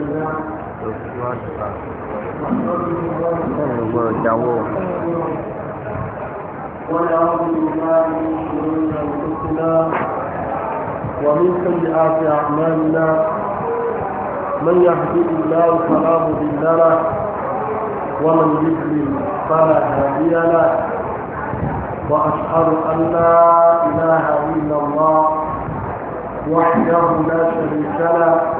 ونعوذ بالله من شرور انفسنا ومن سيئات اعمالنا من يهدي الله فلا مضل له ومن يضلل فلا هادي له واشهد ان لا اله الا الله وحده لا شريك له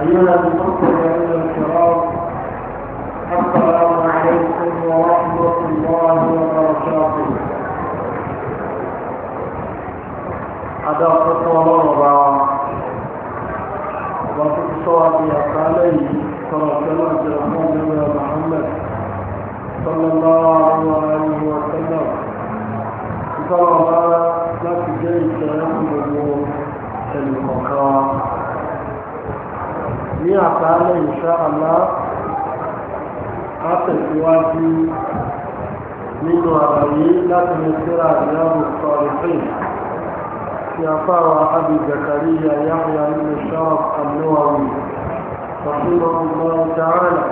أيها المستمعون الكرام السلام عليكم ورحمة الله وبركاته أداء قصوى الله وقت الصواب يقالي صلى الله عليه محمد صلى الله عليه وسلم صلى الله لا تجيك يا أمه المقام ní àkàálẹ̀ insha Allah á tẹ̀síwájú nínú àlàyé láti lè síra àdáyàwó sọ̀rọ̀fẹ́ tí a fáwọn Abi Zakariya Yahya nínú Sharaf An-Nawawi رحمه الله تعالى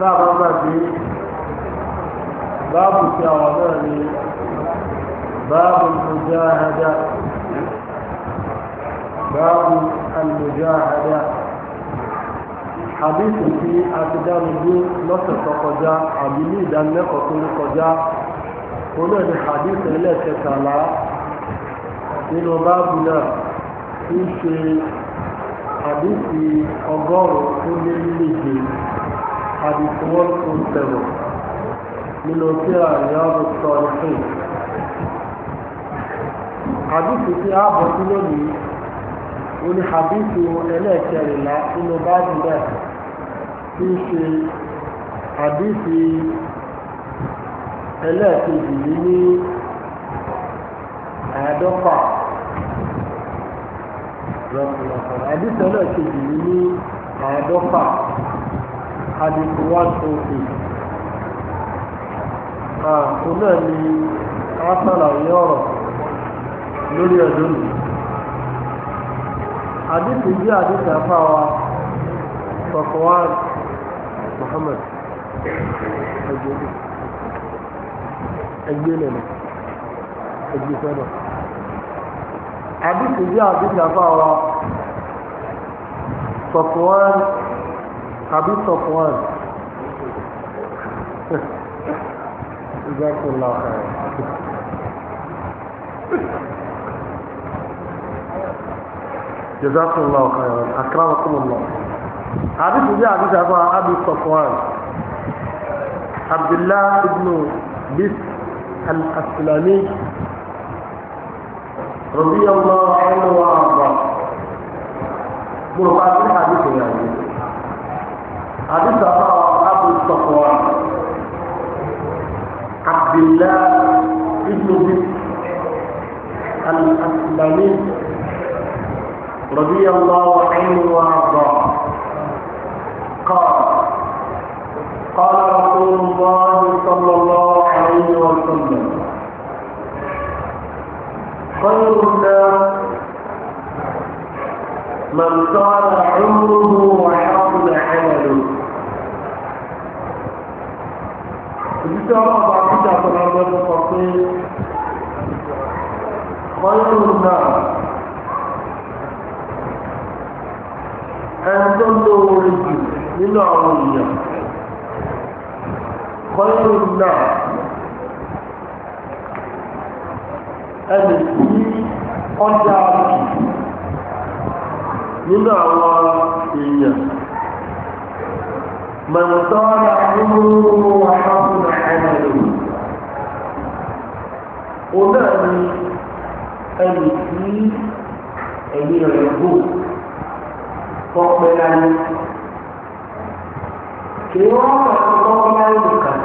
báàbù tí àwọn náà ní báàbù mujahada باب المجاهدة حديث في أقدام الدين نصر قجا عبيلي دانك كل قجا هنا الحديث إلى كتالا من بابنا في شيء حديث أغار كل اللي حديث والكتب من وكيل رياض الصالحين حديث في أبو سنوني oní hadithu ẹlẹ́ẹ̀kẹrìnlá nínú báàbù náà tí ń ṣe hadithi ẹlẹ́ẹ̀kejì yìí ní àádọ́fà rọ̀pọ̀lọpọ̀ hadithi ẹlẹ́ẹ̀kejì yìí ní àádọ́fà hadith one oh eight àkùnà ah, ni a sàlàyé ọ̀rọ̀ lórí ẹ̀dọ́ àdìsí jẹ́ àdìsí àfáwa Safwan Muhammad ẹgbẹ́ lẹ́nu ẹgbẹ́ sẹ́nu àdìsí jẹ́ àdìsí àfáwa Safwan àbí Safwan ìgbà kò lọ́kàn jazakumullahu khairan akramakumullah hadithu jẹ́ hadithu afa abu safwan abdullah ibn bis al-aslami radiyallahu anhu wa arda mo rò bá sí hadithu yẹn hadithu afa abu safwan abdullah ibn bis al-aslami. رضي الله عنه وارضاه قال قال رسول الله صلى الله عليه وسلم خير الناس من طال عمره وحسن عمله بترى بعد كده خير الناس ẹni tó lówó rí jù nínú àwọn èèyàn kọ́yìn náà ẹni tí ọjà jù nínú àwọn èèyàn mọ̀tọ́ra nínú àwọn ọmọ ẹni tí rẹ̀ gbòó. kọ́pẹ́ láyé kì í wọ́n mọ̀ sí kọ́pẹ́ láyé nìkan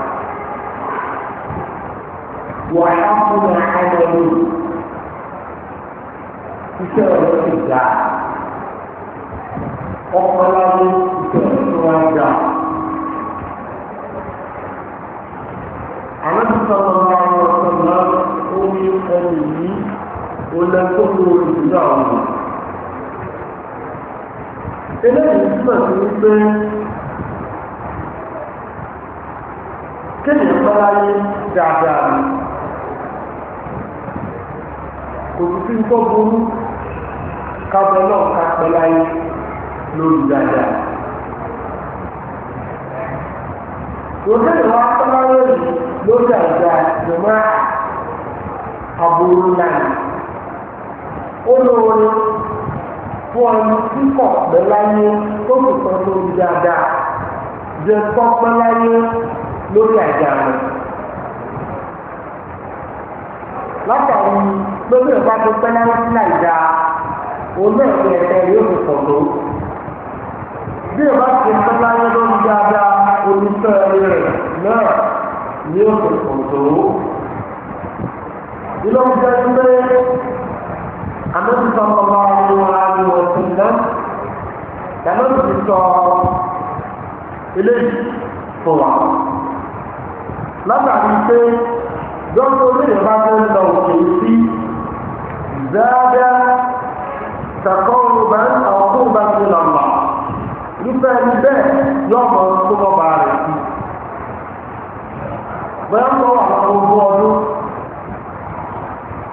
wọ́n á fún mi àyẹ̀ yìí iṣẹ́ ọ̀rọ̀ ti gbà ọkọ̀ láyé iṣẹ́ ọ̀rọ̀ ti wá gbà. àwọn ti sọ̀rọ̀ ọ̀rọ̀ ọ̀sán náà ó ní ẹni yìí ó lẹ́kọ̀ọ́ lórí ìdílé àwọn ọ̀rọ̀ eléyìí túmọ̀ sí wípé kéèyàn bá láyé dáadáa ni kò sí sí tó burú kábọ̀ náà ká pẹ́ láyé lórí dáadáa. Òkè ìwà akọ́láyé lórí dáadáa ló máa àbúrò náà. Ó lóore fún ẹni tí kò pẹ́ láyé tó sì tọ́ lórí dáadáa jẹ́ kọ́ pẹ́ láyé lórí àjà rẹ̀. látàrí lórí ẹ̀ka tó pẹ́ láyé sí àjà olóògbé ẹ̀fẹ́ yóò fi pọ̀ tó. bí ẹ̀ ti pẹ́ láyé lórí dáadáa olùfẹ́ rẹ̀ náà yóò fi pọ̀ tó. ìlọ́mùjẹ́ ń bẹ́ẹ̀ ànábì sọ̀rọ̀ bá wà ní ọ̀sìn náà lẹ́nu ti sọ eléyìí fún wa látàrí pé dọ́kítọ̀ onílẹ̀ bá fẹ́ lọ òkè sí dáadáa takọ́rù bá ń ọ̀kú bá ti lọ mọ̀ nípa ẹni bẹ́ẹ̀ yọ tó bọ́ bá rẹ̀ sí. bẹ́ẹ̀ ń bọ̀ wà lọ́wọ́ ọdún.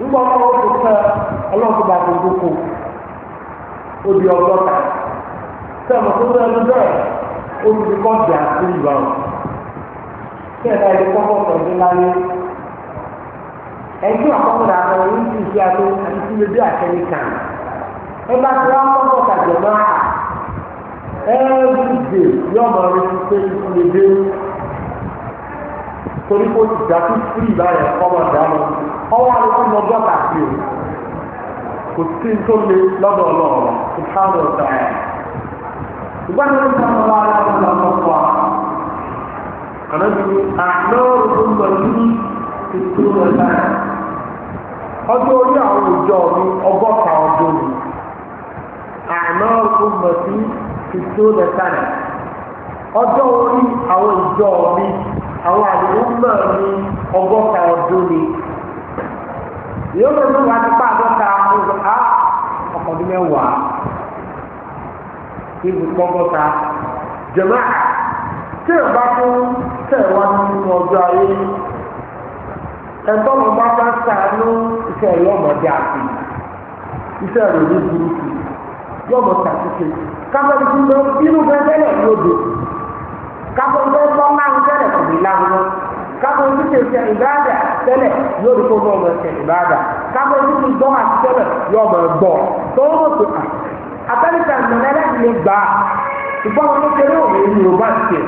ńgbà ọkọ ọkọ ọkọ ọlọ́ọ̀tún bá ti dúkú ó ọkọ ọgọ́ta sẹ́wọ̀n tó bẹ́ẹ̀ ló bẹ́ẹ̀ ó ti kọ́ di àti ìgbà wọn sẹ́ẹ̀dá ilé kọ́kọ́ tọ̀dún láyé ẹ̀jú ọkọ náà àwọn yìí ti fi àti ti ẹ bá náà pé ọwọ́ àlùkò lọ́jọ́ kàkiri kò sí tó le lọ́dọ̀ ọlọ́run ìfáàdù ọ̀tá ẹ̀. ìgbà tó ń sọ̀rọ̀ wá láti lọ sọ fún wa. àná ti ní àlọ́rù tó ń bọ̀ ní ìtú ọ̀tá ẹ̀. ọjọ́ orí àwọn ìjọ mi ọgọ́ta ọdún mi. àlọ́rù tó ń bọ̀ sí ìtú ọ̀tá ẹ̀. ọjọ́ orí àwọn ìjọ mi àwọn àdúgbò mi ọgọ́ta ọdún mi yóò lọ sí wa ti pa àdọ́ta ọgbà á ọkọ̀ ọdún mẹ́wàá ibi gbọ́gbọ́ta jẹ̀mọ́ à tí ẹ bá fún tẹ̀ wá nínú ọjọ́ ayé ẹ̀tọ́ mi bá bá sàánú iṣẹ́ ẹ̀yọ́ ọmọdé àti iṣẹ́ ẹ̀rọ ní burúkú yóò mọ̀ sàkíkè kábọ̀dé tí mo bínú bẹ́ẹ̀ bẹ́ẹ̀ lọ́dọ̀ kábọ̀dé bọ́ máa ń tẹ̀lé kò ní láwọn káwọn ojúṣe ṣe ìbáàdà tẹ́lẹ̀ yóò rí kókó ọmọ ṣe ìbáàdà káwọn ojúṣe gbọ́ àti tẹ́lẹ̀ yóò mọ̀ gbọ́ tó ń mọ̀ pé àtẹ́lẹ̀tà ìmọ̀lẹ́lẹ́ ti lè gbà á ṣùgbọ́n wọn kékeré òun ni yorùbá ṣe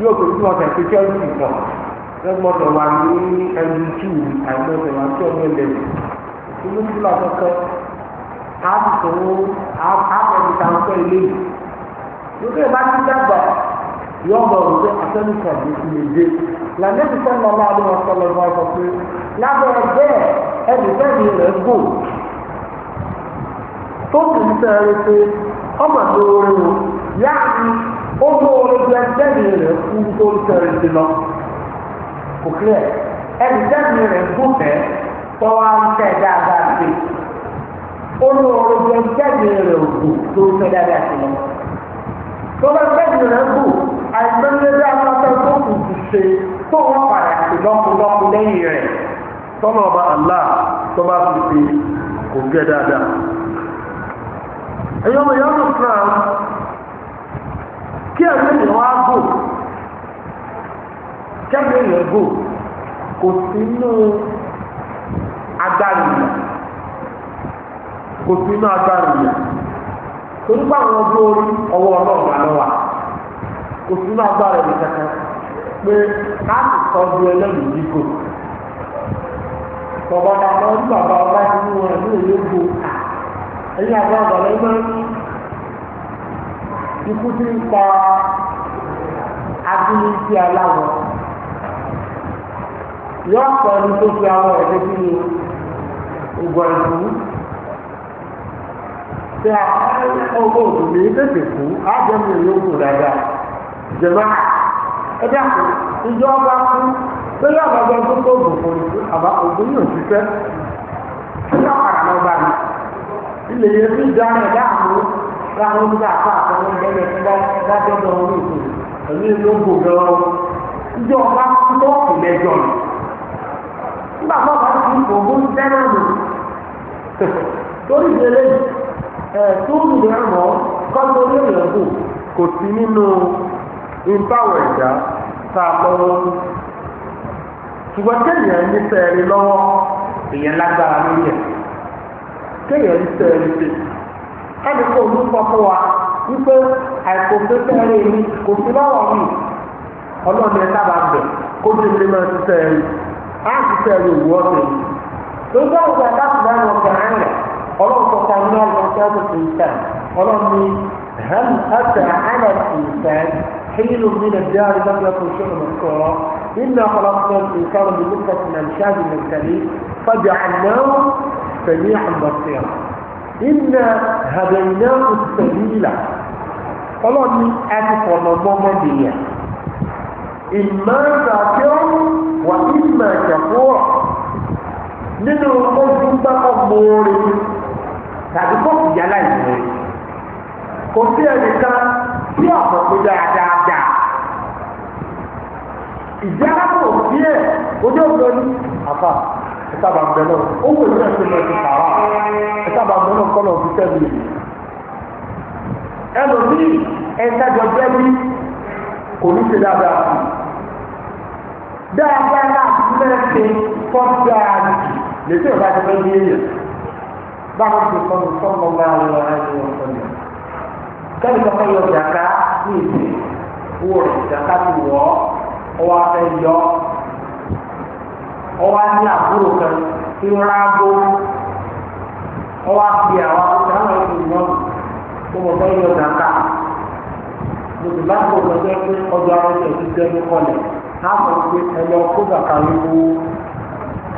yóò tó tún ọ̀sẹ̀ pé chelsea pọ̀ lọ́gbọ́dọ̀ wà ní ẹni tù àìmọ́sẹ̀ wà tó ọmọ ilẹ̀ inú fúlà kọ́kọ́ àbùkù àbẹ̀mí yóò bọ̀ wípé atẹ́nukà ló ti lè dé lànàbí sọ́nà ọba àdúrà sọ́nà ọba sọ pé lábẹ́rẹ́ bẹ́ẹ̀ ẹni bẹ́ẹ̀ni rẹ̀ gò tó kì í sẹ́yìn pé ọmọ tó rí o yá ni ó mú orin bí ẹni rẹ̀ kú tó ń sẹ́yìn lọ kò kílẹ̀ ẹni bẹ́ẹ̀ni rẹ̀ gò tẹ́ tọ́wá ń tẹ̀ dáadáa sí ó mú orin bí rẹ̀ kú tó ń dáadáa sí lọ tó bá fẹ́ jìnnà kù àìmọ́lẹ́dẹ́ afáfẹ́ tó kù kù ṣe tó wọ́n padà sí lọ́kùnlọ́kùn lẹ́yìn rẹ̀ tọ́nà ọba Allah tó bá fi ṣe kò gẹ́ dáadáa. ẹ̀yin ọmọ yàrá Islam kí ẹ̀mí ènìyàn wá gò kẹ́mi ènìyàn gò kò sí inú agbára ìyà kò sí inú agbára ìyà. torí pé àwọn ọdún orí ọwọ́ ọlọ́run àná wà kò sí náà gbára ẹ̀mí kankan pé káàtì tọ́jú ẹlẹ́yìn dígò bàbá ọba wọn ní èyí gbò ẹ̀yìn àbá àbàlẹ̀ ẹ̀ máa ń ikú tí tẹ ọgbọ́n òdò ní tètè kú ájẹmí èyí kù dáadáa jẹ̀má ẹ̀dá ìjọ ọba kú lórí àbájọ tó tó bò fún ìlú àbá ògùn yóò ṣiṣẹ́ ṣíṣẹ́ àkàrà ọba ni ilé yẹn fi dá ẹ̀dá àmú láwọn onígbà àpá àtọwọ́ ìbẹ̀rẹ̀ tó bá dájọ́ lọ orí ìlú ẹ̀mí ló gbò gan ìjọ ọba kú tó kù lẹ́jọ́ nígbà tó bá ti kò ó ń tẹ́lẹ̀ torí ìdílé yìí. ẹ̀ẹ́dúró ní àmọ́ kọ́ńtò ní ìyẹ̀bù kò sí nínú ìbáwọ̀ ẹ̀dá tá a lọ́wọ́ ṣùgbọ́n kéèyàn ní sẹ́ẹ̀rì lọ́wọ́ èèyàn lágbára lórí ẹ̀ kéèyàn ní sẹ́ẹ̀rì ṣe ẹnì kò ní sọ fún wa wípé àìkò sẹ́ẹ̀rì mi kò sí lọ́wọ́ mi ọlọ́ọ̀ni ẹ̀ sábà bẹ̀ kó tó lè máa ti á قالوا تسمية الإنسان الإنسان قالوا لي هل أتى على الإنسان حين من الدار لم يكن شيء مذكورا إنا خلقنا الإنسان بمدة من شاب من كريم فجعلناه سميعا بصيرا إنا هديناه السبيل قالوا لي أتى نظام دنيا إما ذاكر وإما كفور ninu ọgbọ́n tó tàbí kóòtù yálà ìwé kò sí ẹnìkan tí ọ̀pọ̀ tó dára dáadáa ìjára kò sí ẹ̀ ojú ọ̀gbẹ́ ní àfà ẹ̀ta bá ń bẹ náà ó wò ní ẹ̀sìn náà ti pàrọ̀ ẹ̀ta bá ń bẹ náà kọ́ náà fi tẹ́lẹ̀ ẹlòmíì ẹ̀ta jọ jẹ́ bí kò ní ṣe dáadáa sí dáadáa náà ti fẹ́ ṣe tọ́jú dáadáa lè ṣe ìwádìí fẹ́ ní báńkì kan sọ́nà máa ń wọ̀n láti wọ́n sọ́nà. kẹ́mi kankan yọ jàká ní ìsìn owó rẹ̀ jàká ti wọ̀ ọ́ ọwọ́ afẹ́ yọ ọwọ́ á ní àbúrò kan tí ń rágbó ọwọ́ á fi àwọn akọ̀tà náà ń lò wọ́n kó mo fẹ́ yọ jàká lòdì bá tó lọ jẹ́ pé ọjọ́ ara ẹ̀jẹ̀ ti jẹ́ ní kọlẹ̀ á mọ̀ pé ẹ̀yọ kó bàtà lówó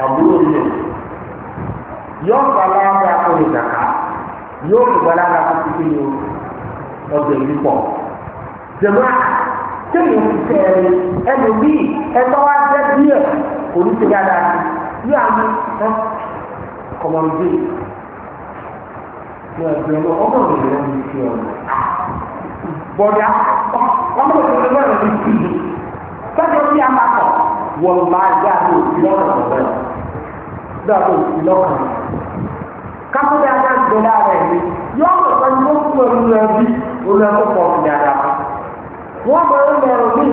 àbúrò yẹn yóò gbalaga kó lè dàka yóò gbalaga kó ti fi ọjọ́ ìlú pọ̀ jẹ̀mọ́ kéèyàn ti tẹ̀ ẹ́ ẹnu bí ẹtọ́ wá jẹ́ díẹ̀ oníṣẹ́ dáadáa yóò àmú ẹ kọ̀mọ̀lùdé yóò ẹ̀jẹ̀ lọ ọmọ mi lè lẹ́nu ìṣe ọ̀nà bọ̀dà ọmọ mi lè lẹ́nu ìṣe ìṣe sọ́jọ́ bí a máa kọ̀ wọ́n máa yá àti òsì lọ́rùn ọ̀gbẹ́ dàbò òsì lọ́rùn ọ̀gbẹ́. kápẹ́ na ti bẹ̀rẹ̀ ààrẹ mi yọ ọmọ ìpàdé wọn fún ẹrú rẹ bí olú ẹkọ pọ̀ fún dáadáa wọn bọ ẹrú rẹ rẹ bí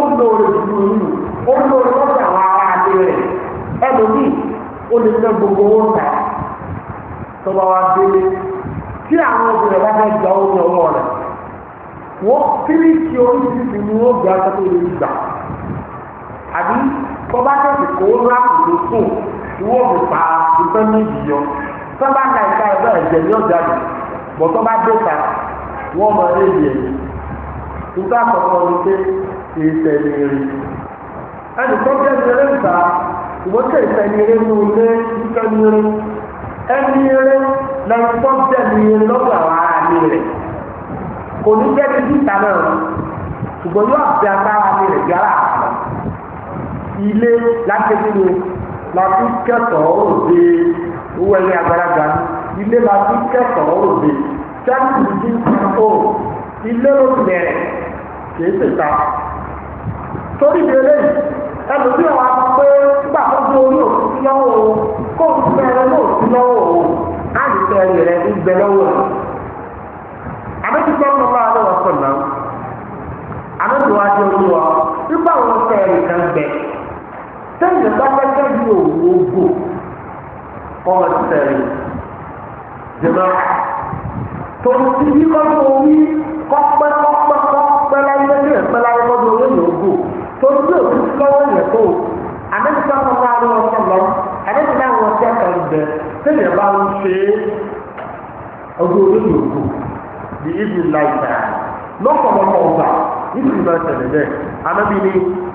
ìdí ndị ni ó ló lọ́sẹ̀ àwọn ará adé rẹ̀ ẹlòmíì ó lè ná gbogbo owó ta tó bá wá délé tí àwọn obìnrin bá fẹ́ gba oúnjẹ ọwọ́ rẹ̀ wọ́n kiri tí oríṣiríṣi ni wọ́n gbà tó lè gbà àbí bọ́bá tẹ̀sí kó ńlá kò tó fún wọ́n fi pa ìfẹ́ méjì yọ sábà ka ìka ẹ̀fẹ́ ẹ̀jẹ̀ ní ọjà rẹ̀ bọ́tọ́ bá dé ta wọ́n mọ ẹ̀yẹ nígbà kọ̀ọ̀kan ní pé kì í ẹnì tó jẹ́ ní eré ìta ìwọ́n kẹ́ ìfẹ́ni eré ní ilé ìfẹ́ni eré ẹni eré lẹ́nu tó jẹ́ ní eré lọ́gbà wà á ní rẹ̀ kò ní jẹ́ ní títà náà ṣùgbọ́n yóò àbí agbára ní rẹ̀ yàrá àná ilé lákẹ́kẹ́ ni láti kẹ́tọ̀ọ́ òde owó ẹni agbára ilé láti kẹ́tọ̀ọ́ òde sẹ́ni ìdí ìfọ̀ ilé ló bẹ̀rẹ̀ kì í torí ìdílé yìí ẹlòmí ọ̀ wá pé nígbà tó gbé orí òsì lọ́wọ́ o kó o fẹ́ ẹ lọ́wọ́ òsì lọ́wọ́ o á lè fẹ́ ẹ rẹ̀ ń gbẹ lọ́wọ́ o. àbẹ́tí tó ń bá ọlọ́wọ́ sọ̀rọ̀ náà àbẹ́tí wá di orí wa nígbà wo fẹ́ ẹ nìkan gbẹ sẹ́yìn bá gẹ́gẹ́ bí òwò gbò ọmọ ti sẹ́yìn jẹ̀mọ́ tòun ti bí kọ́ tó orí kọ́pẹ́ kọ́pẹ́ kọ́pẹ́ láyé lẹ́yìn ẹ̀pẹ́ láyé lọ́dún olóyìn ògbò torí yóò fi lọ́wọ́ yẹn tó àdébísí àwọn ọmọ àwọn ọmọ lọ àdébísí àwọn ọmọ tí a kàn bẹ sẹ́yìn bá ń ṣe ọdún olóyè òkú ní ibi láìpẹ́ lọ́pọ̀lọpọ̀ ọgbà ibi ìgbà tẹ̀lé bẹ́ẹ̀ anábì ni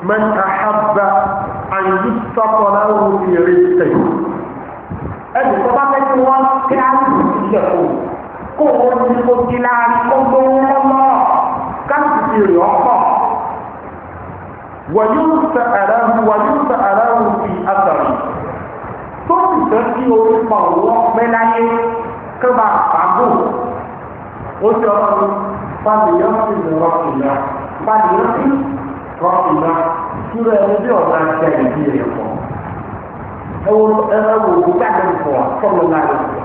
man ahabba an yusaqa lahu fi rizqihi ẹni tó bá fẹ́ kí wọ́n kí á lù sílẹ̀ fún kó wọ́n ti kó kí láàrin kó gbówó lọ́wọ́ káàkiri ọkọ̀ wàyúùsà aláwù wàyúùsà aláwù fi àtàrí tó sì tẹ́ sí orí pa òwò mẹ́láyé kí wọ́n máa fàágò ó ti ọlọ́run fàdéyọ́ sí rọ́ọ̀kìlá fàdéyọ́ sí rọ́ọ̀kìlá túrọ̀ ẹni bí ọ̀gá ṣe ìdí rẹ̀ pọ̀ ẹwọ ẹwọ òkúta rẹ̀ pọ̀ sọ́nù náà rẹ̀ pọ̀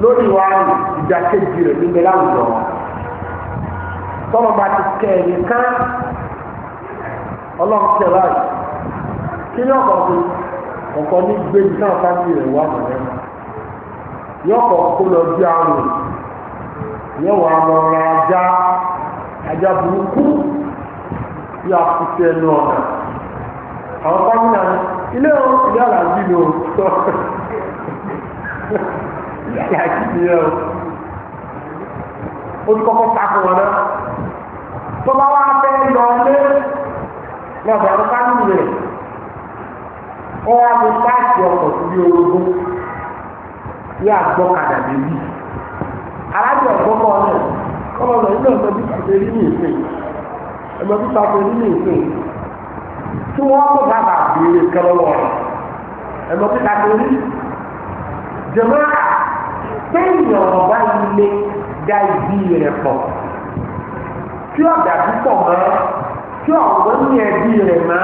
lórí wa ìjà kejì rẹ̀ níbẹ̀ láwùjọ sọ́nù bá ti kẹ́ ẹ̀ nìkan. ọlọ́run láì kí ọkọ̀ ọkọ̀ ní gbèjì náà sáájú rẹ̀ wà mọ̀lẹ́ yọkọ̀ kó lọ bí àrùn ajá ajá burúkú bí a fi ẹnu ọ̀nà àwọn fámìlà ilé sọ o ní kọ́kọ́ sáfún wọn náà tó bá wá fẹ́ lọ lọ́dọ̀ ọ̀rọ̀ fámìlì rẹ̀ ó wá ní páàkì ọkọ̀ síbi orogún ní àgbọ̀kadà bèbí alájọ ọ̀gbọ́kọ̀ náà kọ́mọ lọ ilé ọ̀sẹ̀ bí pàṣẹ rí ní ìsìn ẹ̀mọ bí pàṣẹ rí ní ìsìn tí bàbà bí dá tí tí ọ̀wọ́ ní ẹbí rẹ̀ má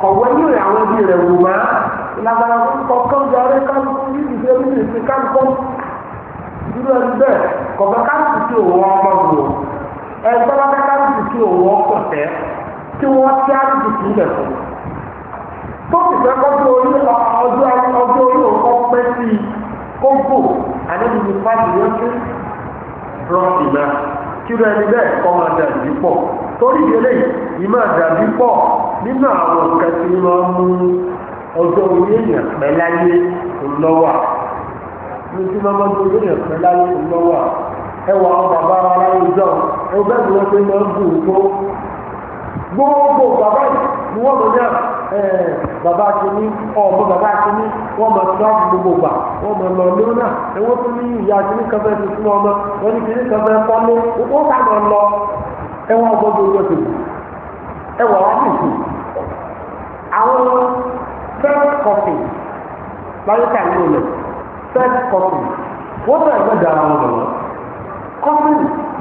kọ̀wọ́ ní rẹ̀ àwọn ẹbí rẹ̀ wò má ìlànà kọ̀ọ̀kan yọrí kálukú ìdílé ní ìdílé kálukú dúró ẹni bẹ́ẹ̀ kọ̀ọ̀kan kálukú tí òwò ọmọ wò ẹgbẹ́ wọn kálukú tí òwò ọkọ̀ tẹ́ tí wọ́n ti kálukú tí ń bẹ̀ tó ti fẹ́ kọ́jú orí ọjọ́ ọjọ́ orí òkọ́ pẹ́ sí i kóńgò àdébí ní fásitì yọjú rọ́ọ̀tì náà kí torí ìdílé ìmọ̀ àdàbí pọ̀ nínú àwọn nǹkan tí wọ́n mú ọjọ́ orí èèyàn pẹ́ ńlọ́wà ní tí orí èèyàn ńlọ́wà ẹwà bàbá aráyé jọ ẹwà bẹ́ẹ̀ wọ́n ṣe máa ń bù tó gbogbo bàbá yìí ni wọ́n mọ̀ náà bàbá bàbá wọ́n mọ̀ tó gbogbo gbà wọ́n mọ̀ lọ lóun ẹ wọ́n gbọ́dọ̀ owó ti ẹ wọ́n wá bìtì àwọn first copy láyé ká ní olè first copy wọ́n fẹ́ ẹgbẹ́ da ara wọn lọ copy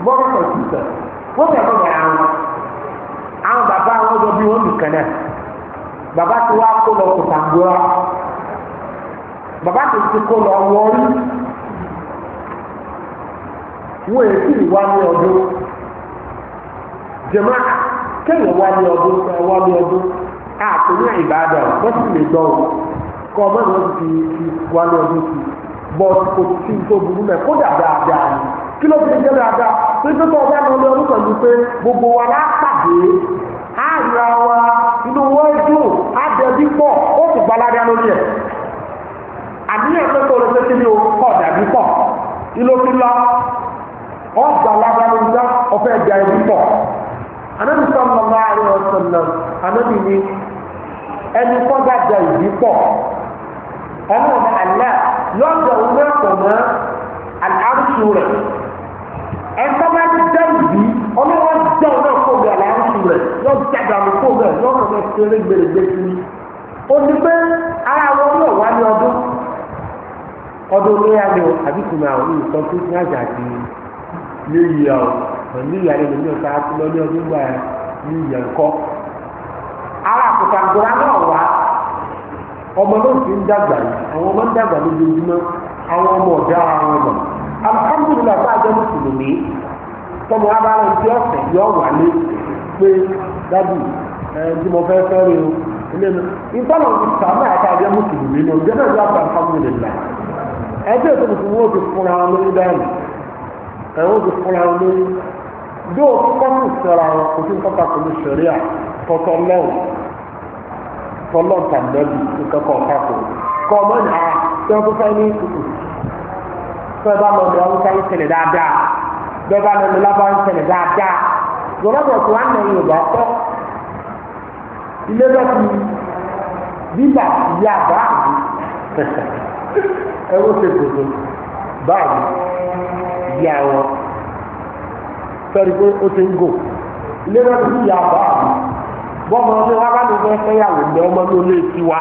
bọ́ọ̀rọ̀ kọ̀ǹpútà wọ́n fẹ́ ẹgbẹ́ da ara wọn àwọn bàbá wọn jọ bí wọ́n nìkan náà bàbá tí kó lọ kó bàbá tí ti kó lọ ọdún. jẹ̀mọ́ kẹ́yìn wá ní ọdún wá ní ọdún àpò ní Ìbàdàn wọ́n sì lè gbọ́ ọ kọ́ ọmọ náà ti fi wá ní ọdún sí bọ́ọ̀sì kò sí tó burú mẹ́ kó dáadáa dáa ni kí ló fi jẹ́ dáadáa pé tó ọba náà ní ọdún pẹ̀lú pé gbogbo wa lápàdé á ra wa inú wọn dùn á dẹbí pọ̀ ó sì gbalága lórí ẹ̀ àníyàn tó tó lọ sí kí ni o kọ̀ dàbí pọ̀ ìlòkìlọ ọgbà lágbàlóńdá ọ̀fẹ́ ìjà ẹbí pọ̀ anábì sallallahu alaihi wasallam anábì ni ẹni kọ́gà da ìdí pọ̀ ọlọ́run àlẹ́ lọ́dọ̀ òun náà pọ̀ mọ́ àlárùsù rẹ̀ ẹ̀ka bá ti dá ìdí ọlọ́wọ́ dá òun náà kó bẹ̀ àlárùsù rẹ̀ yọ jàdà mí kó bẹ̀ lọ́dọ̀ náà kéré gbèrègbè sí i ó ní pé ara wọn ní ọ̀wá ní ọdún ọdún lóyà ni àbíkùnrin àwọn olùkọ́ tó ti ń àjà àti léyìí àwọn pẹ̀lú ìyàrá ìlú ọ̀tá akúlọ́ ní ọdún gbà ní ìyẹn kọ́. ara àkùtà gbọ́ra náà wá ọmọ náà ti ń dàgbà yìí àwọn ọmọ ń dàgbà lójoojúmọ́ àwọn ọmọ ọ̀dọ́ àwọn ọmọ. alhamdulilayi fún àjọ mùsùlùmí tọmọ abáwọn ti ọ̀sẹ̀ yọ wà lé pé dábì ẹ tí mo fẹ́ fẹ́ rí o ilé mi ìtọ́nà ti sàmì àti àjọ mùsùlùmí lọ jẹ́ bẹ́ẹ̀ lọ́wọ́ alhamdulilayi ti fúnra wọn lórí báyìí àwọn ti fúnra wọn lórí yóò kọ́kọ́ sọ̀rọ̀ àwọn kò sí nǹkan kan ní sẹ̀ríà tọ́tọ́ lọ́wọ́ tọ́lọ́ tàbí nǹkan kan pàtó kọ́ ọmọ ní a tó ń fẹ́ ní ìtùtù fẹ́ bá lọ́ọ́ ní awúsá ń ṣẹlẹ̀ dáadáa bẹ́ẹ̀ bá lọ́ọ́ ní lábá ń dáadáa lọ́lọ́dọ̀ tó wà nínú Yorùbá kọ́ ilé bá ti bíbà ìyá báàbí ẹ wọ́n ṣe gbogbo báàbí ìyá wọn fẹ́rí pé ó ti ń gò ilé náà ti yà bá àbí bọ́mọ ọdún wa bá ní fẹ́ fẹ́yàwó ní ọmọ ní olé ti wa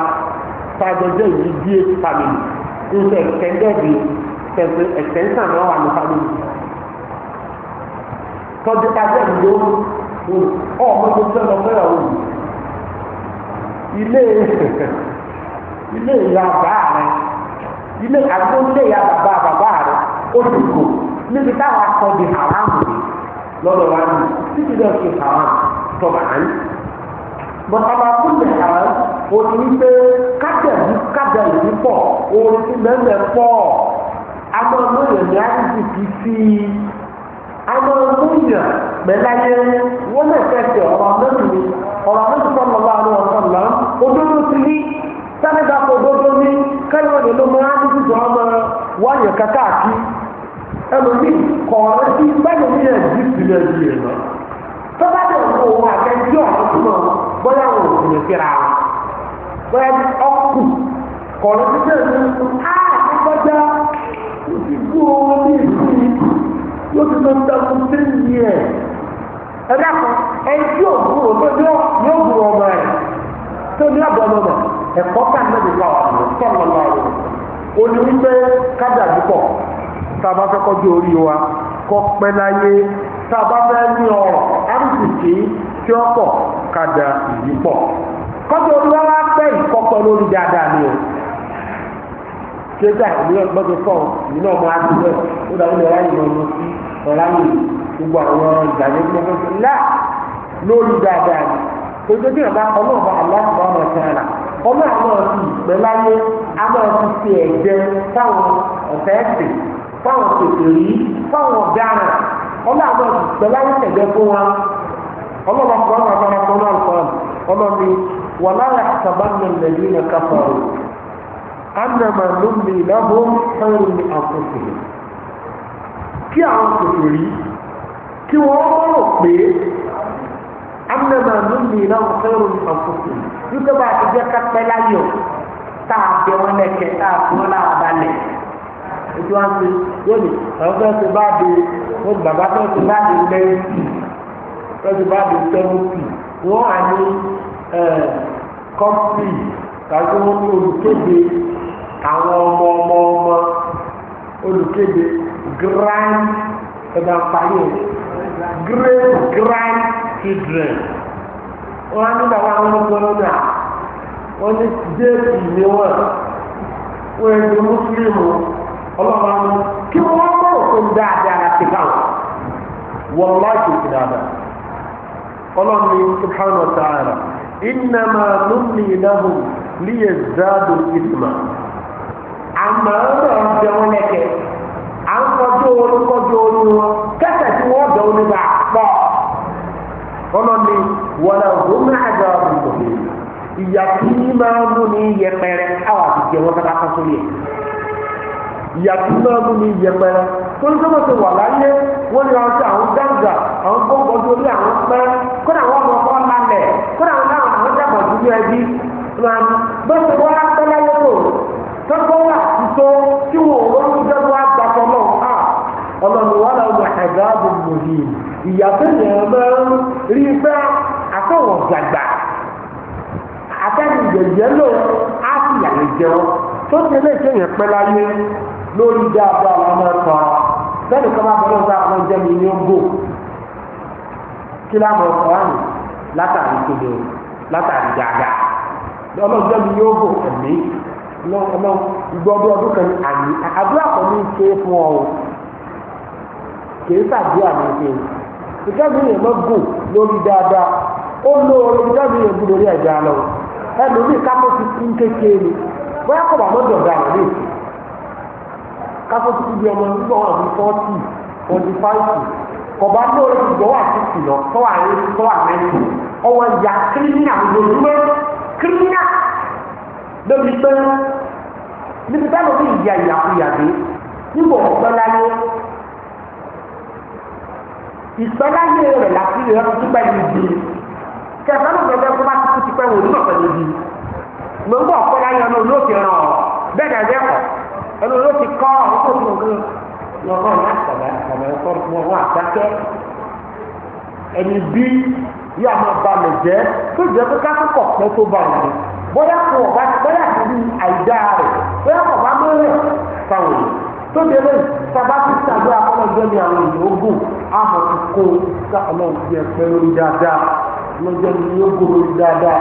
fàjọjọ yìí bí èsì family nígbà ẹ̀kẹ́ndẹ́bì tẹ̀sí ẹ̀kẹ́ńsà náà wà ní family tọ́jú kájẹ́ ìlú ọmọ tó fẹ́ lọ fẹ́yàwó ilé ilé ìyá bàbá rẹ ilé àgbo ilé ìyá bàbá bàbá rẹ ó ti gò níbi táwọn akọ di haramu yìí lọ́dọ̀ wa ni títí náà fi hàn tọ́ba àní. bọ̀tàbà fún mi hàn ó ti ní pé kájàdì kájàdì ní pọ̀ orin ti mẹ́mẹ́ pọ̀ amọ̀nàmọ́yẹ̀ ní àdìsí kì í sí i mẹ́láyé wọ́n lè fẹsẹ̀ ọ̀rọ̀ mẹ́rin ni ọ̀rọ̀ mẹ́rin sọ̀rọ̀ lọ́wọ́ àwọn ọ̀sán lọ́n òdodo ti ní sẹ́nẹ́gà kò dodo ní kẹ́lẹ́ òdodo mọ́ àdìsí tó ọmọ wọ́n yẹ ẹlòmíì kọ̀ọ̀rọ̀ sí bẹ́ẹ̀lòmíì ẹ̀ jí sílẹ̀ bí ẹ̀ lọ. tọ́ba dẹ̀ wọ òun àtẹ́jú ọ̀rọ̀ tó náà bóyá wọn ò tìlẹ̀ síra wọn. bóyá ọkù kọ̀ọ̀rọ̀ sí bẹ́ẹ̀ ni á àkọ́kọ́já ti kú owó ní ìlú yóò ti lọ dákú sẹ́yìn ẹ̀. ẹ dákun ẹjú òkúrò tó ní yóò bu ọmọ ẹ̀ tó ní àbọ̀ ọmọ ẹ̀ ẹ̀kọ́ ká tá a bá fẹ́ kọjú orí wa kọ́ pẹ́ láyé tá a bá fẹ́ ní ọ̀rọ̀ ábùsìkì tí ó pọ̀ kàdà ìyí pọ̀ kọjú orí wa wá pẹ́ ìkọ́kọ́ lórí dáadáa ni o kéjà ìlú gbọ́dọ̀ fọ ìlú ọmọ àdúgbò ó dàbí ọ̀rá ìmọ̀ ọmọ sí ọ̀rá yìí gbogbo àwọn ìgbàlẹ̀ tó fẹ́ fẹ́ là lórí dáadáa ni ojoojúmọ́ ìgbà ọmọ ọba aláàbọ̀ ọmọ ìṣẹ̀lá ọmọ àwọn ọ̀sìn ìpẹ́láyé a máa fi ṣe ẹ̀jẹ̀ táwọn ọ̀fẹ́ ẹ̀sìn fáwọn kékeré fáwọn ọ̀daràn ọlọ́àbọ̀ pẹ̀lú àwọn ìtẹ̀gbẹ́ fún wa ọlọ́wọ́ kọ́ ọ́nà ọ̀nà ọ̀nà ọ̀nà ọlọ́ni wà láyà sábàánù lẹ́yìn ní káfọ́rọ̀ anamá lómi ìlàbọ̀ fẹ́rù ní àkókò kí àwọn kí wọ́n mọ̀rọ̀ pé ní àkókò bá a ti jẹ́ kápẹ́ láyọ̀ bẹ wọn lẹ́kẹ̀ẹ́ fún wọn ètò wa ń ṣe lónìí àwọn fẹ́ẹ́ ṣe bá di wọ́n ti bàbá fẹ́ẹ́ ṣe bá di mẹ́rin fẹ́ẹ́ ṣe bá di sẹ́wọ́tì wọ́n á ní kọ́pì tàbí wọ́n ní olùkéde àwọn ọmọ ọmọ ọmọ olùkéde grand ẹ̀dá parí ẹ̀ great grand children wọ́n á ní bàbá wọn ní gbọ́dọ̀ wọ́n ní déètì ni wọ́n wọ́n ẹ̀dùn mùsùlùmù ọlọ́run àwọn kí wọ́n mọ̀rọ̀ fún dáadáa láti báwọn wọ́n láti fi dáadáa ọlọ́run ní subhanahu wa ta'ala innama nunni lahum liyazdadu isma àmọ́ ọ̀rọ̀ ọ̀dẹ́wọ́n lẹ́kẹ̀ à ń kọjú orúkọjú orí wọn kẹsẹ̀ tí wọ́n dẹ̀ ọ́ nígbà pọ̀ ọlọ́ni wọlé ọ̀húnmá àjọ àbùkù ìyàtí máa mú ní yẹpẹrẹ àwọn àti jẹ wọn bá bá kọ́ ìyàtú náà mú mi yẹpẹrẹ wà láyé wọ́n ní ọjọ́ àwọn gángà àwọn gbọ́ngbọ́n ní àwọn pẹ́ kódà wọ́n mọ ọkọ lálẹ̀ kódà wọ́n láwọn àwọn dàgbà dúdú ẹbí bẹ́ẹ̀ ti wọ́n á pẹ́ láyé tó tọ́gbọ́n wà tuntó tí wọ́n wọ́n ń dẹ́gbọ́n àgbàkọ́ náà ọlọ́run wà láwọn àgbàdo lòdì ìyàtọ̀ yẹn máa ń rí pé àtọ̀wọ̀ gbàgbà àtẹnudẹ̀yẹ lò á sì yàrá lórí dáadáa làwọn máa tọ́ ọ bẹ́ẹ̀ nìkan máa bẹ̀rẹ̀ ọ̀sán àwọn jẹ́ mi ní ogò kí láwọn ọ̀sán àná látàrí kéde o látàrí dáadáa ọlọ́run jẹ́ mi ní ogò ẹ̀mí ọlọ́run gbọ́dọ̀ ọdún kan ní àmì àdúrà kan ní ike fún ọ o kìí sàdúrà ní ike ìkẹ́bí yẹn lọ gùn lórí dáadáa ó lóore ìkẹ́bí yẹn gùn lórí ẹ̀dá lọ ẹnu ní kápẹ́sì ń kékeré bóyá kọ̀ bàmọ́dọ̀ dáa ní ìsìn kátó ti di ọmọ nígbà wọn àbí fọ́ọ̀tì twenty five kọba tó o ti gbọ́wọ́ àti kìlọ̀ tó wà ní tó wà mẹ́rin ọwọ́ ìyá kírímìnà lójúmọ́ kírímìnà lóbi pé níbi táwọn bí ìyá ìyàkuyà dé níbo ọ̀gbọ́nláyé ìgbọ́nláyé rẹ̀ láti rẹ̀ ọdún pípẹ́ yìí di kẹfẹ́ ló gbẹgbẹ́ kó bá ti ti pẹ́ wò ní ọ̀pẹ́ di gbogbo ọ̀pẹ́ láyé ọ̀nà olóòkè ràn ọ́ bẹ́ẹ̀ ẹnu ló ti kọ́ ọ̀hún tó tó gbé lọ́wọ́ ní àtàlà àtàlà ẹ̀kọ́ ní ọwọ́ àtàkẹ́ ẹni bí yí àmọ́ ba lè jẹ́ tó jẹ́ pé kákọ́kọ́ pẹ́ tó ba lè bóyá kò ọba bóyá kò ní àìdá rẹ̀ bóyá kò ọba mẹ́rẹ̀ fáwọn èèyàn tó dé lẹ́yìn sábà ti sàgbé akọ́lọ́jọ́ ní àwọn èèyàn ogun àmọ́ ti kó ọlọ́run ti ẹ̀pẹ́ lórí dáadáa ọlọ́jọ́ ní yóò gbó lórí dáadáa.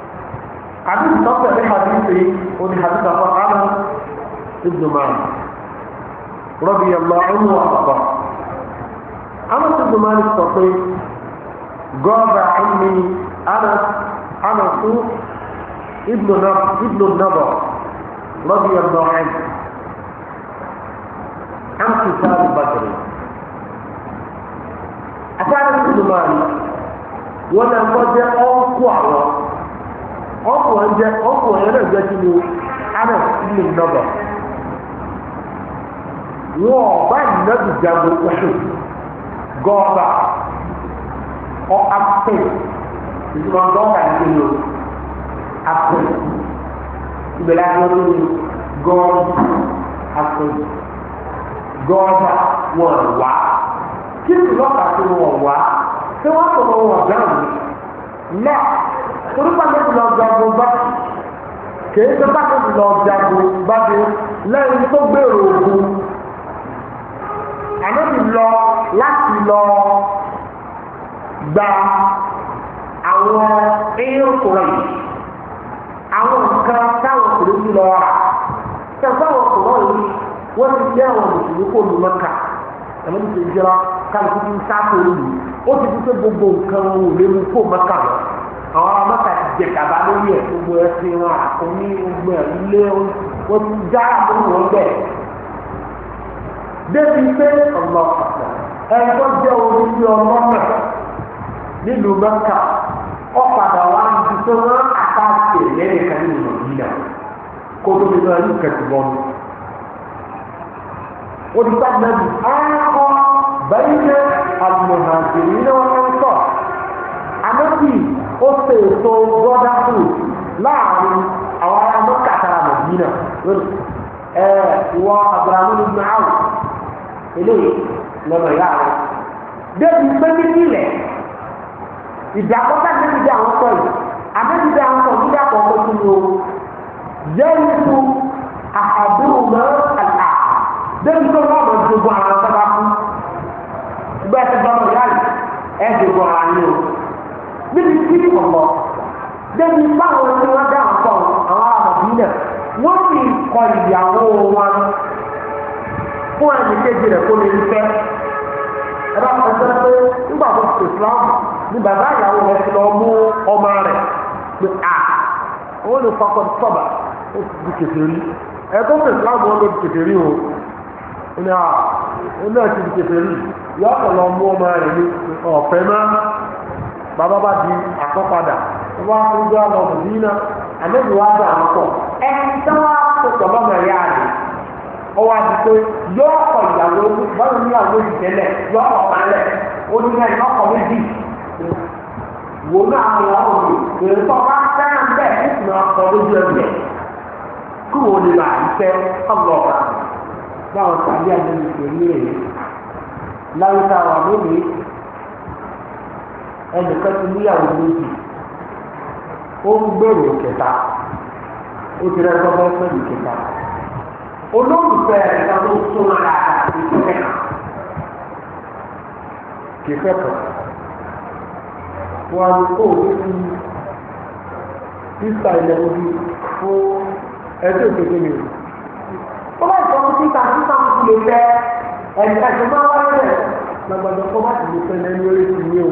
حديث تطلع في حديث ودي حديث أفر عمر ابن مالك رضي الله عنه وأرضاه أنس بن مالك تطيب جاب عمي أنس أنس ابن نبر ابن النضر رضي الله عنه عن قتال بدر أتعرف ابن مالك ولا قد أوقع ọkùn ẹ̀ jẹ́ ọkùn ẹ̀ náà jẹ́ kí ni ara ìlú nọ́bà wọn ọba ìnáàbì jago oṣù gọ́ọ̀bà ọ apẹ̀ ìjọba gọ́ọ̀bà ní ìlú apẹ̀ ìbẹ̀lẹ̀ àwọn ìlú gọ́ọ̀bà apẹ̀ gọ́ọ̀bà wọn wá kí ni lọ́kà tó wọn wá tí wọ́n sọ̀rọ̀ wọn dáhùn náà torípa méjì lọ jagun bá kèé tó bá méjì lọ jagun bá dé lẹ́yìn tó gbèrò ògùn àlébi lọ láti lọ gba àwọn èèyàn kùrọ̀ yìí àwọn nǹkan táwọn kùrọ̀ yìí lọ rà tẹ̀sán àwọn kùrọ̀ yìí wọ́n ti jẹ́ àwọn mùsùlùmí kò ní mọ́ta ẹ̀mọ́ ti ṣe jẹ́ra káàkiri sáà kò ní ó ti fi pé gbogbo nǹkan wọn ò léwu kó mọ́ta lọ àwọn ọmọ mẹ́ta ti jẹ kaba lórí ẹ̀ gbogbo ẹsìn wọn àkóní gbogbo ẹ̀ lé wọn ti já àbúrò wọn bẹ̀. débi pé ọ̀nà ẹ̀kọ́ jẹ́ oríṣi ọmọ náà nílùú mẹ́ta ọ̀padà wa ń di pé wọ́n àtàkì lẹ́yìn kan nínú ìlú náà kó tóbi náà yóò kẹ́tù bọ́ mi. olùkọ́ nàbì ọ̀rọ̀ bẹ́ẹ̀ ni àlùmọ̀hàn kìíní wọn ń sọ àmọ́ bíi ó ṣe ètò brọ́dá fún láàrin àwọn ará mọ́kà tara mọ̀dínà lónìí ẹ ìwọ abdulhamu ní mahawu eléyìí lọ́nà ìyá rẹ̀ débi pé níbi ilẹ̀ ìdí àkọ́kọ́ àti ìdí àwọn sọ yìí àbẹ́bí bí àwọn sọ nígbà kan kó tún lò yẹ́nì fún àhàdúró mẹ́rẹ́ àlà débi tó bá wọn dogun àwọn sábà fún gbẹ́sẹ̀ bá wọn yára ẹ̀ dogun àwọn yìí o níbi tí ọ̀pọ̀ débi báwọn tí wọ́n dá àpọ̀ àwọn àmọ̀bílẹ̀ wọ́n fi kọ ìyàwó wọn fún ẹni kéjì rẹ̀ kó lè fẹ́ ẹ bá fẹ́ sọ pé nígbà tó ti Islam ni bàbá ìyàwó rẹ̀ ti lọ mú ọmọ rẹ̀ pé à wọ́n lè fakọ̀ sọ̀bà ó ti kèfè rí ẹ tó ti Islam wọn ló ti kèfè rí o ó ní à ó náà ti kèfè rí yọ ọ̀pọ̀ lọ mú ọmọ rẹ̀ ní ọ̀fẹ́ máa bàbá bá di àkọ́padà wá kúndú àlọ́ bùdínà àmẹ́bí wá bá àwọn pọ̀ ẹni tí wọ́n á tó tọ̀ lọ́mọ ẹ̀yà rẹ̀ ọwọ́ àti pé yọ ọkọ̀ ìyàwó bọ́ọ̀lù ní àwọn oṣù tẹ́lẹ̀ yọ ọkọ̀ kalẹ̀ ó ní náà yọ ọkọ̀ méjì wò náà àwọn ọmọ mi èrè tó bá fẹ́ràn bẹ́ẹ̀ ní ìsìn ọkọ̀ lójú ẹgbẹ́ kí wò lè bá ìfẹ́ ọlọ́ọ̀rọ̀ báwọn tàbí àjẹmí pẹ̀lú rẹ̀ ẹnìkan ti níyàwó méjì ó ń gbèrò kẹta ó ti rẹ gbọ́dọ̀ pẹ̀lú kẹta olólùfẹ́ ẹ̀ka ló tún ara ìfẹ́ kẹfẹ́ kan wà ní kó o fi sísá ilẹ̀ orí fún ẹjọ́ ìpèsè mi ó bá ìfọ́ fún sísá sísá fún lè fẹ́ ẹ̀ka ìfọ́ máa wáyé rẹ̀ lọ́gbàdàn kó má ti lè fẹ́ lẹ́nu orí ti ní o.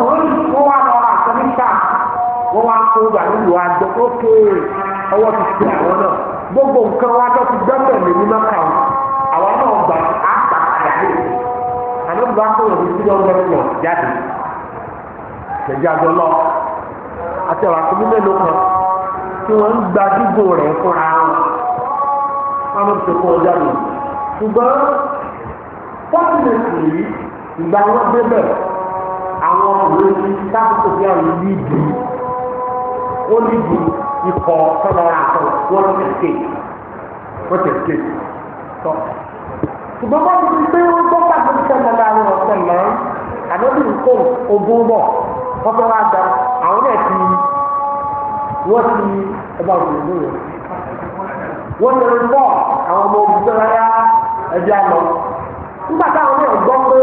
ọkùnrin wọn wá lọ àṣọ níta wọn wá kó gbà nílùú àjọ ókè ọwọ́ ti tẹ àwọn náà gbogbo nǹkan wa tó ti gbẹ́sẹ̀ lè ní mọ́kà o àwọn náà gbà àgbà àyàlè ànágbà tó lè fi lọ gbẹ pọ̀ jáde ìṣẹ̀jẹ̀ àjọ lọ àti ọ̀rọ̀ àkọ́bí mélòó kan tí wọ́n ń gba dídò rẹ̀ fúnra wọn wọn ló ti kó ọ jáde ṣùgbọ́n fọ́tìmẹ̀tì yìí ìgbà wọn débẹ̀ àwọn ọkùnrin ní sábùkù bí àwọn ìlú ìdì ó ní ìdì ikọ̀ tọ́lọ́ra àtọ̀ wọ́n ti ké wọ́n ti ké tọ́. ṣùgbọ́n bá ti pé ó gbọ́ pàtó sẹ́lẹ̀ láàrin ọ̀sẹ̀ mọ́ àdébí nǹkan ogún bọ̀ wọ́n fẹ́ wá da àwọn náà ti wọ́n ti ẹgbẹ́ òkè ìlú rẹ̀ wọ́n ti rí bọ́ọ̀ àwọn ọmọ òbí tẹ́lẹ̀ yá ẹ̀jẹ̀ àlọ́ nígbà táwọn náà gbọ́ pé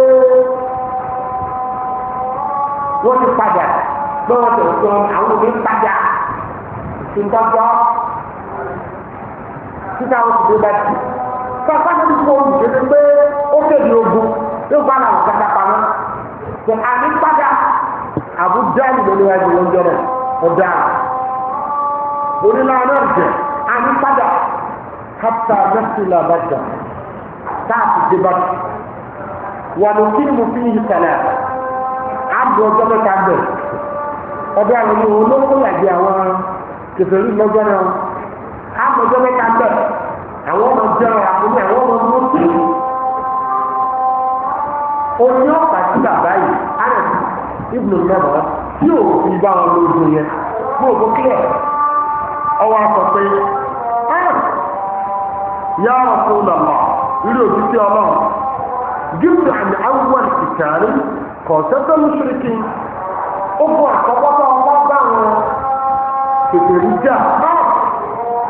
wọ́n ti padà pé wọ́n tẹ̀ sọ àwọn òbí padà ti dọ́jọ́ títí àwọn òbí bá ti. Kọ̀ọ̀kan ti sọ olùdíje pé ó kéde ogun yóò bá àwọn kàtà pamọ́. Sọ àmì padà àbújá ìlú wa ti wọ́n jọ̀rọ̀ ọ̀dà. Onílà náà jẹ̀ àmì padà kápítà mẹ́sìlá bàjá táàtì dé bàjá. Wà lókè mo fi yí sàlẹ̀. àgbẹ̀ ọjọ́ mẹ́ta gbẹ̀ ọdẹ àwọn ẹni wọn lówó yàgbé àwọn kẹfẹ́rì lọ́jọ́ náà àgbẹ̀ ọjọ́ mẹ́ta gbẹ̀ àwọn ọmọ jẹun àkómi àwọn ọmọ ọmọ tó oní ọ̀pá tí bàbá yìí ayọ̀ ibùdó mẹ́wàá tí ò fi bá wọn yẹn kílẹ̀ ọwọ́ akọ pé yà á ọlọ́run àmì kọ̀ọ̀sẹ́fẹ́ mùsùlùmí ogun àkọ́kọ́tọ́ ọmọ bá wọn kèfèrí jà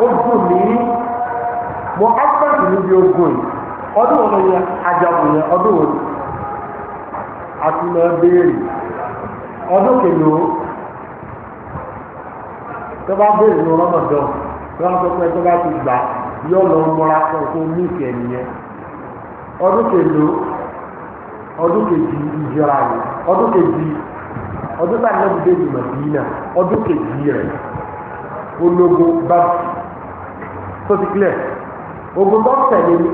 ogun ní mo áfẹ́ẹ̀tì níbi ogun ọdún wọn yẹn ajagun yẹn ọdún wọn àti lọ béèrè ọdún kèlò tó bá béèrè ní ọlọ́mọdọ́ tó bá tó tó bá ti gbà yọ lọ ọdún kejì ìjọra rẹ̀ ọdún kejì ọdún tá a lọ́dún dé ìmọ̀ ìyínà ọdún kejì rẹ̀ ológun bá tó ti kílẹ̀ ogun tó tẹ̀lé ní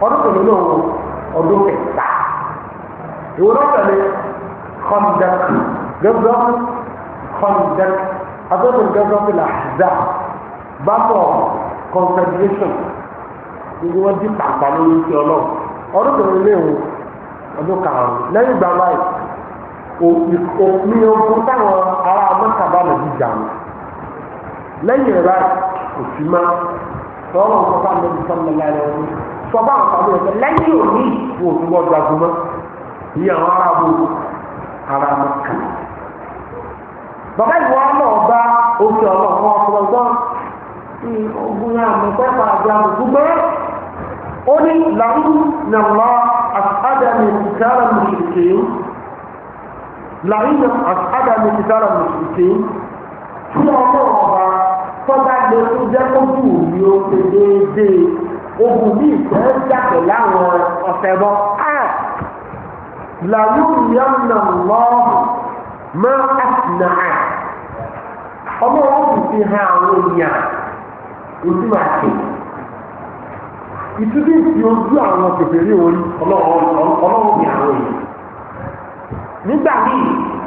oṣù ọdún tẹ̀lé náà wọ ọdún kẹta ìwọ náà tẹ̀lé kọ́ńdà gẹ́gẹ́ kọ́ńdà àtọ́tò gẹ́gẹ́ fìlà àdá bàtọ̀ confederation gbogbo wọn di pàpà lórí ti ọlọ́run ọdún tẹ̀lé náà wọ ọdún karùn-ún lẹ́yìn ìgbà báyìí òpin ogun táwọn ará mọ́tàbá lè di jà wọn lẹ́yìn ẹ̀rọ òsì má tọ́wọ́ sọ́kà lẹ́yìn sọ́mọ lálẹ́ ọdún sọ́kà àǹfààní ọ̀sẹ̀ lẹ́yìn òní wò ó wọ́n jagun mọ́ ní àwọn ará bò ará mọ́tà. bàbá ìwọ náà bá oṣù ọlọ́run ọ̀sọ̀rọ̀ gbọ́n ogun yàrá mi pẹ́ pàdé àbùkù ó ní làwọn nàlá àtàdàmì ìtara mùsùlùmí làwọn àtàdàmì ìtara mùsùlùmí tí ọlọ́run ọba tọ́jà lè tó jẹ́ kójú mi ó ṣe déédéé ogun ní ìfẹ́ jàpẹ̀ láwọn ọ̀sẹ̀ bọ́ làwọn ìyànnà lọ́ọ̀hún máa àtìnà à ọmọ wọn kò fi hàn àwọn èèyàn ojú àti ìtúbí ti ojú àwọn kèfèrí orí ọlọ́wọ́ ní àwọn èèyàn nígbà míì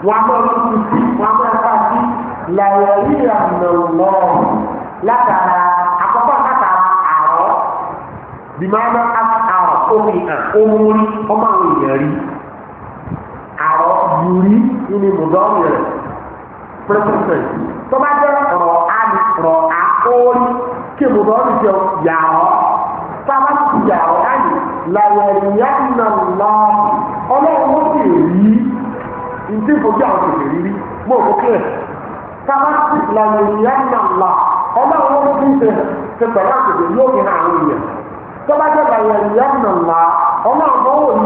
wọn a máa tún sí wọn a máa fà sí làwọ̀rí ànàwọ̀ látara àkọ́kọ́ látara àrọ́ bìmọ̀ọ́nà àrọ́ omi hàn ohun orí ọmọ àwọn èèyàn rí àrọ́ yùrí ní mùdọ́ọ̀mù rẹ̀ pẹ́pẹ́pẹ́ tó bá jẹ́ rọ̀ á rọ̀ á ó rí kí mùdọ́ọ̀mù jẹun yàrá. sábà ti jà ọ́ láyè làwẹ̀rìyá nà lọ ọlọ́run ló sì rí ìdí ìfojú àwọn tòṣè rírí mọ́ òkókè rẹ̀ sábà ti làwẹ̀rìyá nà lọ ọlọ́run ló sì ṣe pẹ̀lú yóò àwọn èèyàn nà lọ ọlọ́run àwọn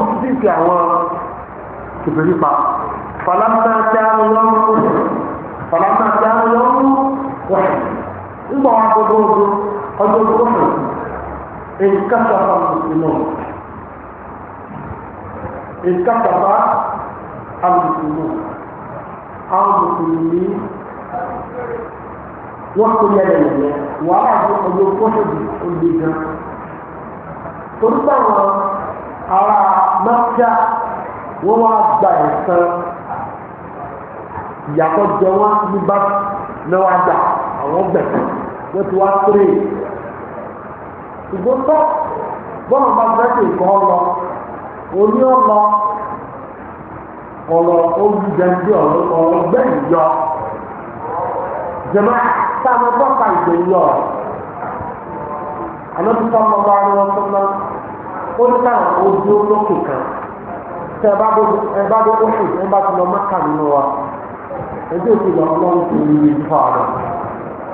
rí pa ń انكسف المسلمون انكسف المسلمون àwọn mùsùlùmí wọ́n tó yẹlẹ̀ yẹlẹ̀ wàhálà ní ọjọ́ pọ́sẹ̀dì ọdún gan. orúkọ àwọn ará máfíà wọ́n wá gba ẹ̀sán ìyàtọ̀ jẹ wọ́n ní bá ṣùgbọ́n tọ́ bọ́ọ̀nù bá fẹ́ kí nǹkan ọlọ oní ọlọ ọlọ olùdẹ̀ndé ọ̀gbẹ́ ìyọ jẹ̀mọ́ táwọn bọ́ọ̀kà ìgbẹ̀yọ àlọ́tútọ́ ọmọ bá rí wọn tó ná ó ní káwọn ojú olókè kan tẹ ẹ bá dé ẹ bá dé ó sì ẹ bá ti lọ mẹ́ka nínú wa ẹjọ́ ìpìlẹ̀ ọlọ́run tó yí ibi fún ara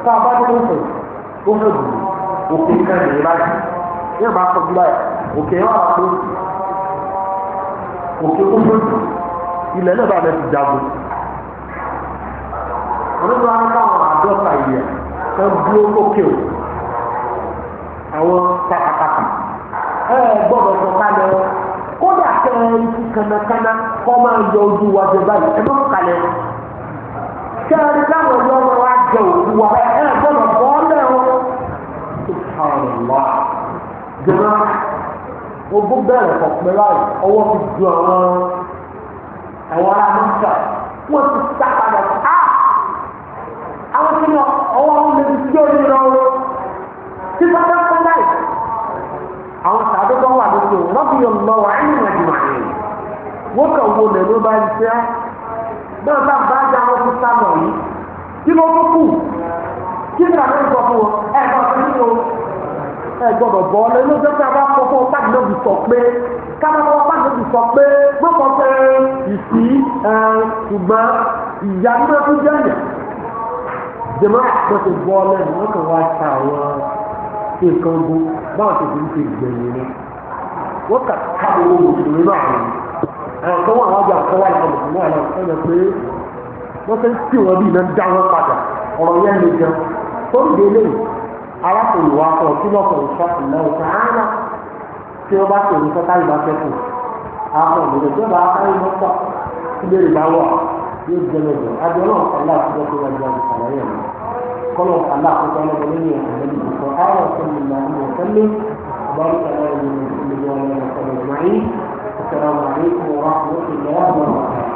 tá a bá dé ó fẹ́ ó fẹ́ bùrù òkè ní náà nìyí báyìí ní ìbá kọjú báyìí òkè yẹn wà wà pé òkè kókó jù ilẹ̀ náà bá lẹ́ ti jago onídùú wa ní káwọn àádọ́ta ìyẹ̀ kẹ́ dúró lókè o àwọn pàtàkì ẹ gbọ́dọ̀ sọ kálẹ̀ o kódà kẹ́ ẹ ikú kánákáná kọ́ máa yọ ojú wa jẹ báyìí ẹ má kálẹ̀ kẹ́ ẹ ní káwọn ọmọ wa jẹ òkú wa ẹ gbọ́dọ̀ sọ subhanallah jọba ogun bẹ̀rẹ̀ kọ̀pẹ́ láì ọwọ́ ti ju àwọn àwọn ará mọ́tà wọ́n ti sá padà á ah! àwọn tí wọ́n ọwọ́ wọn lè fi sí orí ìrọ̀rùn tí wọ́n bá kọ́ láì àwọn sàdé kan wà lókè rọ́bì ọ̀nà wà ní ìrìnàjò àyè wọ́n kàn wo lè ló bá ń ṣe á bẹ́ẹ̀ bá bá jà wọ́n ti sá mọ̀ yìí kí ló tó kù kí ni àwọn ìgbà fún wọn ẹ bá fi ní o ẹ gbọ́dọ̀ bọ ọ lẹ ló jẹ pé a bá kọ fún ọpá ìlú òbí sọ pé kábàbọ ọpá ìlú òbí sọ pé gbọkọ pé ìsì ẹ ṣùgbọ́n ìyá ní wọn fún jẹyàn jẹmọ àpẹẹrẹ bọ ọ lẹ́nu wọn kàn wá ta àwọn nǹkan bó báwọn tètè ń ṣe gbẹ̀yìn ni wọn kà káàbọ̀ owó mùsùlùmí náà rẹ ẹ̀kọ́ wọn àwọn àgbà kọ́wá ìkọ̀ mùsùlùmí náà rẹ ẹ̀ wọ́n ti ń tì wọ́n bí iná dá wọn padà ọ̀rọ̀ yẹn lè jẹun torí délé arákùnrin wa sọ kí lọ́kọ̀ ìṣọ́ ìlẹ̀ òkè áná tí ó bá tó ní sọ́tà ìbá fẹ́kù àwọn òbí tó bá káyé lọ́tọ̀ tí lè bá wà yóò jẹ́ lọ́dọ̀ adé náà ọ̀la àtijọ́ tó wájú àti sàlàyé rẹ̀ kọ́lọ̀ ọ̀la àkọ́kọ́ ọlọ́dọ̀ lẹ́yìn ẹ̀sìn lẹ́yìn ìṣọ́ ayọ̀ sọ́mi ìlà ìmọ̀ sẹ́lẹ̀ بارك الله فيكم السلام عليكم ورحمة الله وبركاته